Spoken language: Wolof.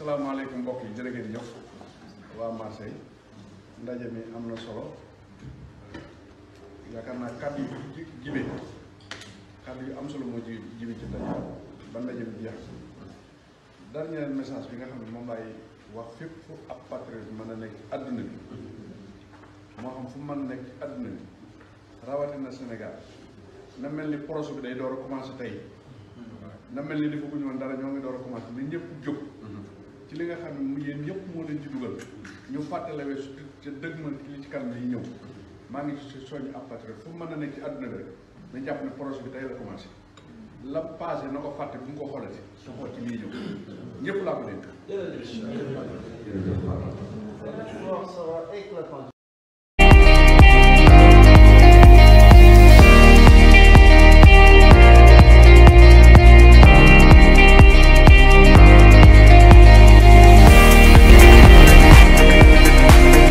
salaamaaleykum mbokk yi jërë ngeen jëf waa Marseille ndaje mi am na solo yaakaar naa kàddu yu jibe kàddu yu am solo moo ji jibe ci ndaje ba ndaje mi jeex dernier message bi nga xam ne moom laay wax fépp fu ab mën a nekk ci àdduna bi moo xam fu mën nekk ci àdduna bi rawatina Sénégal na mel ni projet bi day door a commencé tey na mel ni li ko guñu woon dara ñoo ngi door a commencé moo leen ci dugal ñu fàttalewee su ca dëgmal li ci kanam yi ñëw maa ngi ci soññ ab patriote fu mën a nekk ci àdduna bi rek dañ jàpp ne projet bi tey la commencé la na ko fàtte bu mu ko xoolati su xool ci lii ñëw ñëpp laa ko dénk